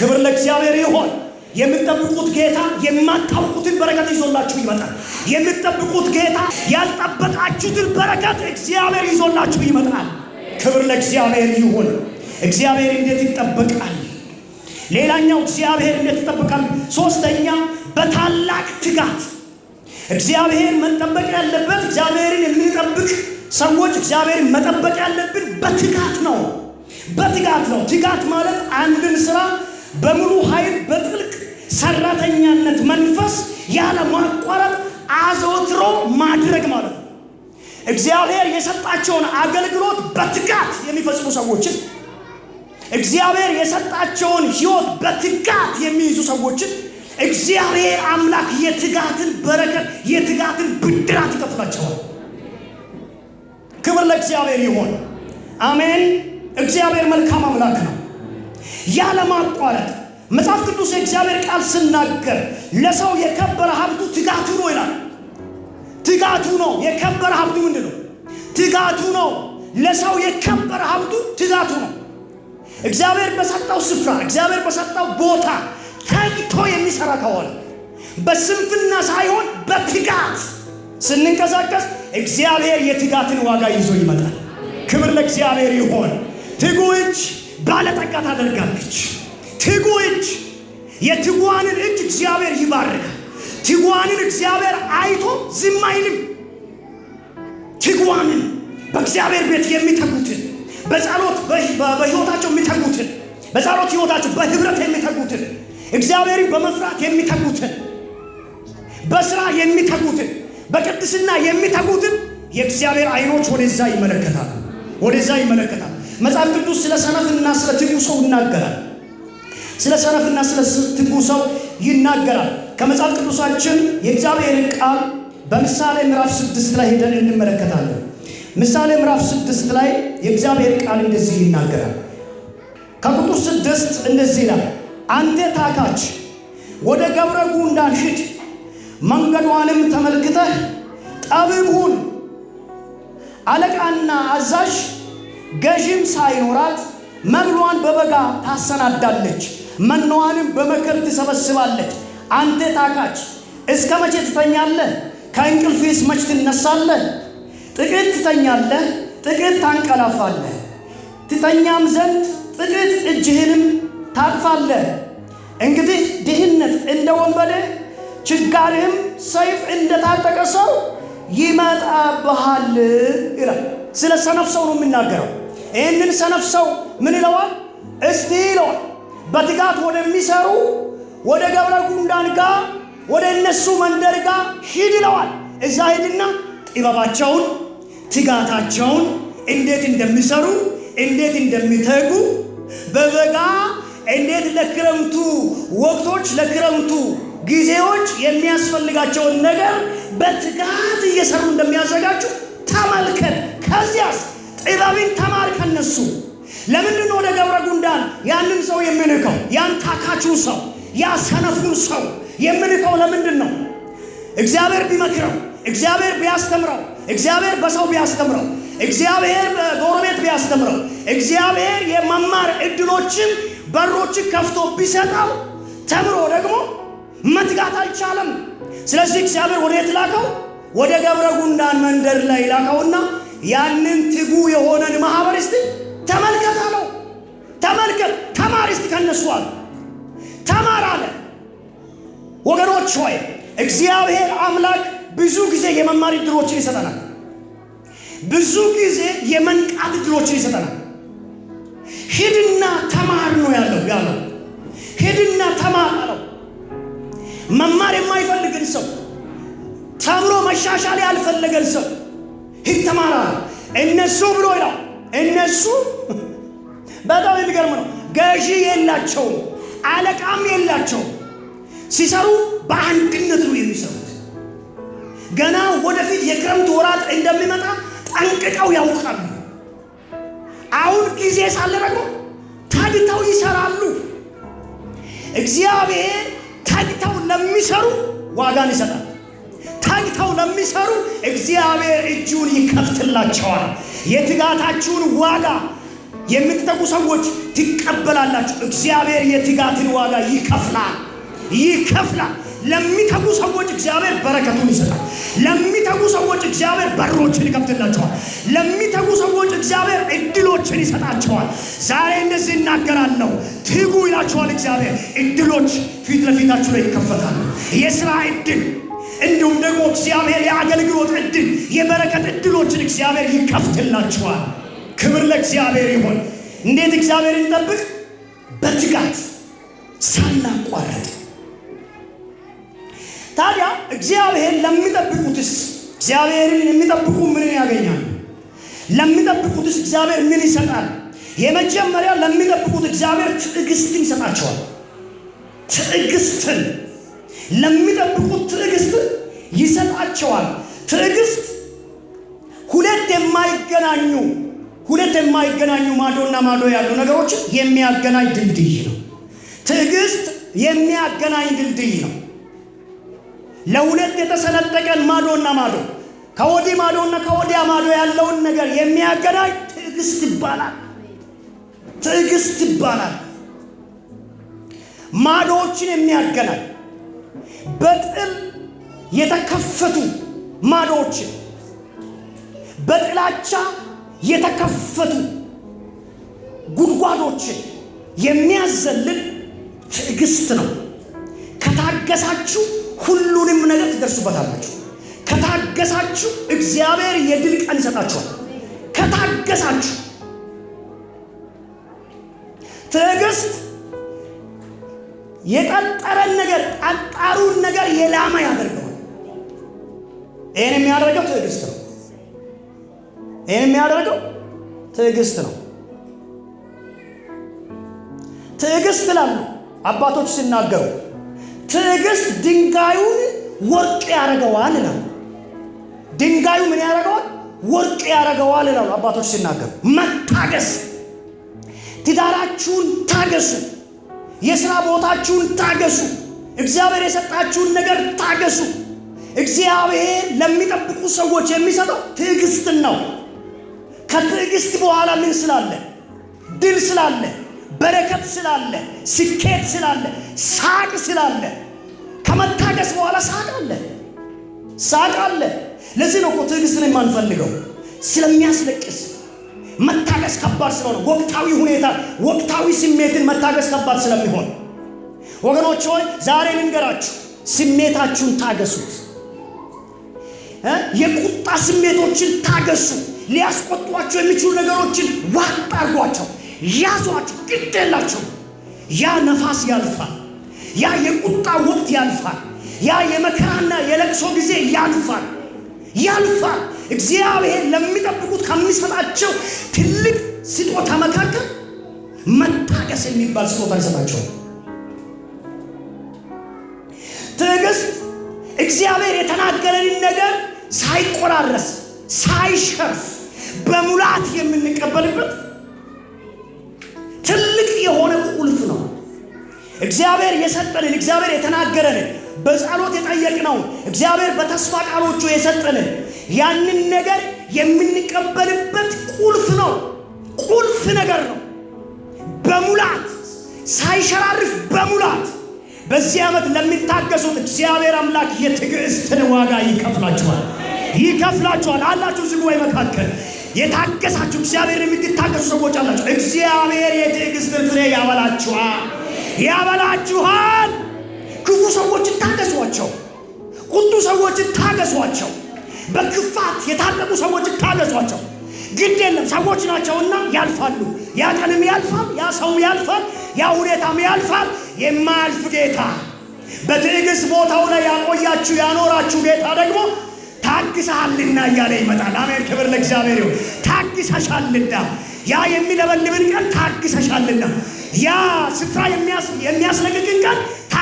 ክብር ለእግዚአብሔር ይሆን። የምትጠብቁት ጌታ የማታውቁትን በረከት ይዞላችሁ ይመጣል። የምትጠብቁት ጌታ ያልጠበቃችሁትን በረከት እግዚአብሔር ይዞላችሁ ይመጣል። ክብር ለእግዚአብሔር ይሁን። እግዚአብሔር እንዴት ይጠበቃል? ሌላኛው እግዚአብሔር እንዴት ይጠበቃል? ሶስተኛ በታላቅ ትጋት እግዚአብሔር መጠበቅ ያለበት እግዚአብሔርን የምንጠብቅ ሰዎች እግዚአብሔርን መጠበቅ ያለብን በትጋት ነው። በትጋት ነው። ትጋት ማለት አንድን ስራ በሙሉ ኃይል በጥልቅ ሰራተኛነት መንፈስ ያለ ማቋረጥ አዘውትሮ ማድረግ ማለት ነው። እግዚአብሔር የሰጣቸውን አገልግሎት በትጋት የሚፈጽሙ ሰዎችን እግዚአብሔር የሰጣቸውን ሕይወት በትጋት የሚይዙ ሰዎችን እግዚአብሔር አምላክ የትጋትን በረከት የትጋትን ብድራት ይከፍላቸዋል። ክብር ለእግዚአብሔር ይሆን። አሜን። እግዚአብሔር መልካም አምላክ ነው። ያለማቋረጥ መጽሐፍ ቅዱስ የእግዚአብሔር ቃል ስናገር ለሰው የከበረ ሀብቱ ትጋቱ ነው ይላል። ትጋቱ ነው። የከበረ ሀብቱ ምንድን ነው? ትጋቱ ነው። ለሰው የከበረ ሀብቱ ትጋቱ ነው። እግዚአብሔር በሰጠው ስፍራ፣ እግዚአብሔር በሰጠው ቦታ ተግቶ የሚሰራ ከሆነ በስንፍና ሳይሆን በትጋት ስንንቀሳቀስ እግዚአብሔር የትጋትን ዋጋ ይዞ ይመጣል። ክብር ለእግዚአብሔር ይሆን። ትጉ እጅ ባለጠጋ ታደርጋለች። ትጉ እጅ የትጉዋንን እጅ እግዚአብሔር ይባርካል። ትጉዋንን እግዚአብሔር አይቶ ዝም አይልም። ትጉዋንን በእግዚአብሔር ቤት የሚተጉትን በጸሎት በሕይወታቸው የሚተጉትን በጸሎት ሕይወታቸው በህብረት የሚተጉትን እግዚአብሔርን በመፍራት የሚተጉትን በስራ የሚተጉትን በቅድስና የሚተጉትን የእግዚአብሔር አይኖች ወደዛ ይመለከታሉ ወደዛ ይመለከታሉ። መጽሐፍ ቅዱስ ስለ ሰነፍና ስለ ትጉ ሰው ይናገራል። ስለ ሰነፍና ስለ ትጉ ሰው ይናገራል። ከመጽሐፍ ቅዱሳችን የእግዚአብሔርን ቃል በምሳሌ ምዕራፍ ስድስት ላይ ሄደን እንመለከታለን። ምሳሌ ምዕራፍ ስድስት ላይ የእግዚአብሔር ቃል እንደዚህ ይናገራል። ከቁጥር ስድስት እንደዚህ ይላል፣ አንተ ታካች ወደ ገብረ ጉንዳን ሂድ፣ መንገዷንም ተመልክተህ ጠቢብ ሁን፣ አለቃና አዛዥ ገዥም ሳይኖራት መብሏን በበጋ ታሰናዳለች፣ መኖዋንም በመከር ትሰበስባለች። አንተ ታካች እስከ መቼ ትተኛለህ? ከእንቅልፌስ መች ትነሳለህ? ጥቂት ትተኛለህ፣ ጥቂት ታንቀላፋለህ፣ ትተኛም ዘንድ ጥቂት እጅህንም ታቅፋለህ። እንግዲህ ድህነት እንደ ወንበዴ ችጋርህም ሰይፍ እንደ ታጠቀ ሰው ይመጣብሃል ይላል። ስለ ሰነፍ ሰው ነው የሚናገረው። ይህንን ሰነፍ ሰው ምን ይለዋል? እስቲ ይለዋል። በትጋት ወደሚሰሩ ወደ ገብረ ጉንዳን ጋር ወደ እነሱ መንደር ጋር ሂድ ይለዋል። እዛ ሂድና ጥበባቸውን፣ ትጋታቸውን እንዴት እንደሚሰሩ እንዴት እንደሚተጉ በበጋ እንዴት ለክረምቱ ወቅቶች ለክረምቱ ጊዜዎች የሚያስፈልጋቸውን ነገር በትጋት እየሰሩ እንደሚያዘጋጁ ተመልከት። ከዚያስ ጥበብን ተማር ከነሱ። ለምንድን ወደ ገብረ ጉንዳን ያንን ሰው የምንከው? ያን ታካቹ ሰው ያ ሰነፉን ሰው የምንከው ለምንድን ነው? እግዚአብሔር ቢመክረው፣ እግዚአብሔር ቢያስተምረው፣ እግዚአብሔር በሰው ቢያስተምረው፣ እግዚአብሔር በጎረቤት ቢያስተምረው፣ እግዚአብሔር የመማር እድሎችን በሮችን ከፍቶ ቢሰጠው ተምሮ ደግሞ መትጋት አልቻለም። ስለዚህ እግዚአብሔር ወደ የት ላከው? ወደ ገብረ ጉንዳን መንደር ላይ ላከውና ያንን ትጉ የሆነን ማህበር እስቲ ተመልከት አለው። ተመልከት ተማር እስቲ ከነሱ አለ ተማር አለ። ወገኖች ሆይ እግዚአብሔር አምላክ ብዙ ጊዜ የመማር እድሎችን ይሰጠናል። ብዙ ጊዜ የመንቃት እድሎችን ይሰጠናል። ሂድና ተማር ነው ያለው ያለው ሂድና ተማር አለው። መማር የማይፈልግን ሰው ተምሮ መሻሻል ያልፈለገን ሰው ሂድ እነሱ ብሎ ይላል እነሱ በጣም የሚገርም ነው። ገዢ የላቸው አለቃም የላቸው ሲሰሩ በአንድነት ነው የሚሰሩት። ገና ወደፊት የክረምት ወራት እንደሚመጣ ጠንቅቀው ያውቃሉ። አሁን ጊዜ ሳለ ደግሞ ተግተው ይሰራሉ። እግዚአብሔር ተግተው ለሚሰሩ ዋጋን ይሰጣል። ተግተው ለሚሰሩ እግዚአብሔር እጁን ይከፍትላቸዋል። የትጋታችሁን ዋጋ የምትጠቁ ሰዎች ትቀበላላችሁ። እግዚአብሔር የትጋትን ዋጋ ይከፍላል ይከፍላል። ለሚተጉ ሰዎች እግዚአብሔር በረከቱን ይሰጣል። ለሚተጉ ሰዎች እግዚአብሔር በሮችን ይከፍትላቸዋል። ለሚተጉ ሰዎች እግዚአብሔር እድሎችን ይሰጣቸዋል። ዛሬ እንደዚህ እናገራለሁ፣ ትጉ ይላቸዋል እግዚአብሔር። እድሎች ፊት ለፊታችሁ ላይ ይከፈታሉ። የስራ እድል እንዲሁም ደግሞ እግዚአብሔር የአገልግሎት እድል የበረከት እድሎችን እግዚአብሔር ይከፍትላችኋል። ክብር ለእግዚአብሔር ይሆን። እንዴት እግዚአብሔር ይጠብቅ? በትጋት ሳናቋረጥ። ታዲያ እግዚአብሔር ለሚጠብቁትስ እግዚአብሔርን የሚጠብቁ ምንን ያገኛሉ? ለሚጠብቁትስ እግዚአብሔር ምን ይሰጣል? የመጀመሪያ ለሚጠብቁት እግዚአብሔር ትዕግስትን ይሰጣቸዋል። ትዕግስትን ለሚጠብቁት ትዕግስት ይሰጣቸዋል። ትዕግስት ሁለት የማይገናኙ ሁለት የማይገናኙ ማዶና ማዶ ያሉ ነገሮችን የሚያገናኝ ድልድይ ነው። ትዕግስት የሚያገናኝ ድልድይ ነው። ለሁለት የተሰነጠቀን ማዶና ማዶ ከወዲህ ማዶና ከወዲያ ማዶ ያለውን ነገር የሚያገናኝ ትዕግስት ይባላል። ትዕግስት ይባላል። ማዶዎችን የሚያገናኝ በጥል የተከፈቱ ማዶዎችን በጥላቻ የተከፈቱ ጉድጓዶችን የሚያዘልን ትዕግስት ነው። ከታገሳችሁ ሁሉንም ነገር ትደርሱበታላችሁ። ከታገሳችሁ እግዚአብሔር የድል ቀን ይሰጣችኋል። ከታገሳችሁ ትዕግስት የጠጠረን ነገር ጠጣሩን ነገር የላማ ያደርገዋል። ይህን የሚያደርገው ትዕግስት ነው። ይህን የሚያደርገው ትዕግስት ነው። ትዕግስት ላሉ አባቶች ሲናገሩ ትዕግስት ድንጋዩን ወርቅ ያደርገዋል ይላሉ። ድንጋዩ ምን ያደርገዋል? ወርቅ ያደርገዋል ይላሉ አባቶች ሲናገሩ። መታገስ ትዳራችሁን ታገሱ። የሥራ ቦታችሁን ታገሱ። እግዚአብሔር የሰጣችሁን ነገር ታገሱ። እግዚአብሔር ለሚጠብቁ ሰዎች የሚሰጠው ትዕግስትን ነው። ከትዕግስት በኋላ ምን ስላለ? ድል ስላለ፣ በረከት ስላለ፣ ስኬት ስላለ፣ ሳቅ ስላለ። ከመታገስ በኋላ ሳቅ አለ፣ ሳቅ አለ። ለዚህ ነው እኮ ትዕግስትን የማንፈልገው ስለሚያስለቅስ መታገስ ከባድ ስለሆነ ወቅታዊ ሁኔታ ወቅታዊ ስሜትን መታገስ ከባድ ስለሚሆን ወገኖች ሆይ ዛሬ ልንገራችሁ፣ ስሜታችሁን ታገሱት። የቁጣ ስሜቶችን ታገሱ። ሊያስቆጧቸው የሚችሉ ነገሮችን ዋጥ አርጓቸው፣ ያዟቸው፣ ግድ የላቸው። ያ ነፋስ ያልፋል። ያ የቁጣ ወቅት ያልፋል። ያ የመከራና የለቅሶ ጊዜ ያልፋል ያልፋል። እግዚአብሔር ለሚጠብቁት ከሚሰጣቸው ትልቅ ስጦታ መካከል መታገስ የሚባል ስጦታ ይሰጣቸዋል። ትዕግስት እግዚአብሔር የተናገረንን ነገር ሳይቆራረስ ሳይሸርፍ በሙላት የምንቀበልበት ትልቅ የሆነ ቁልፍ ነው። እግዚአብሔር የሰጠንን እግዚአብሔር የተናገረንን በጸሎት የጠየቅነው እግዚአብሔር በተስፋ ቃሎቹ የሰጠንን ያንን ነገር የምንቀበልበት ቁልፍ ነው። ቁልፍ ነገር ነው። በሙላት ሳይሸራርፍ በሙላት በዚህ ዓመት ለሚታገሱት እግዚአብሔር አምላክ የትዕግስትን ዋጋ ይከፍላችኋል፣ ይከፍላችኋል። አላችሁ እዚህ ጉባኤ መካከል የታገሳችሁ እግዚአብሔር የምትታገሱ ሰዎች አላችሁ። እግዚአብሔር የትዕግስትን ፍሬ ያበላችኋል፣ ያበላችኋል። ክፉ ሰዎችን ታገሷቸው። ቁጡ ሰዎችን ታገሷቸው። በክፋት የታለቁ ሰዎችን ታገሷቸው። ግድ የለም ሰዎች ናቸውና ያልፋሉ። ያ ቀንም ያልፋል፣ ያ ሰውም ያልፋል፣ ያ ሁኔታም ያልፋል። የማያልፍ ጌታ በትዕግስት ቦታው ላይ ያቆያችሁ ያኖራችሁ ጌታ ደግሞ ታግሰሃልና እያለ ይመጣል። አሜን፣ ክብር ለእግዚአብሔር ይሁን። ታግሰሻልና ያ የሚለበልብን ቀን ታግሰሻልና ያ ስፍራ የሚያስለቅቅን ቀን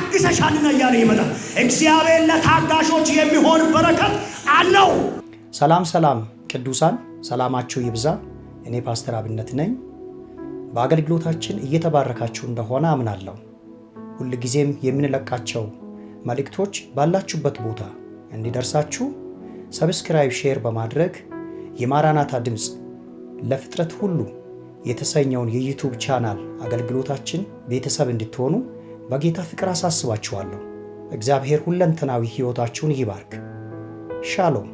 ታግሰሻልና እያለ ይመጣል። እግዚአብሔር ለታጋሾች የሚሆን በረከት አለው። ሰላም ሰላም፣ ቅዱሳን ሰላማችሁ ይብዛ። እኔ ፓስተር አብነት ነኝ። በአገልግሎታችን እየተባረካችሁ እንደሆነ አምናለሁ። ጊዜም የምንለቃቸው መልእክቶች ባላችሁበት ቦታ እንዲደርሳችሁ ሰብስክራይብ፣ ሼር በማድረግ የማራናታ ድምፅ ለፍጥረት ሁሉ የተሰኘውን የዩቱብ ቻናል አገልግሎታችን ቤተሰብ እንድትሆኑ በጌታ ፍቅር አሳስባችኋለሁ። እግዚአብሔር ሁለንተናዊ ሕይወታችሁን ይባርክ። ሻሎም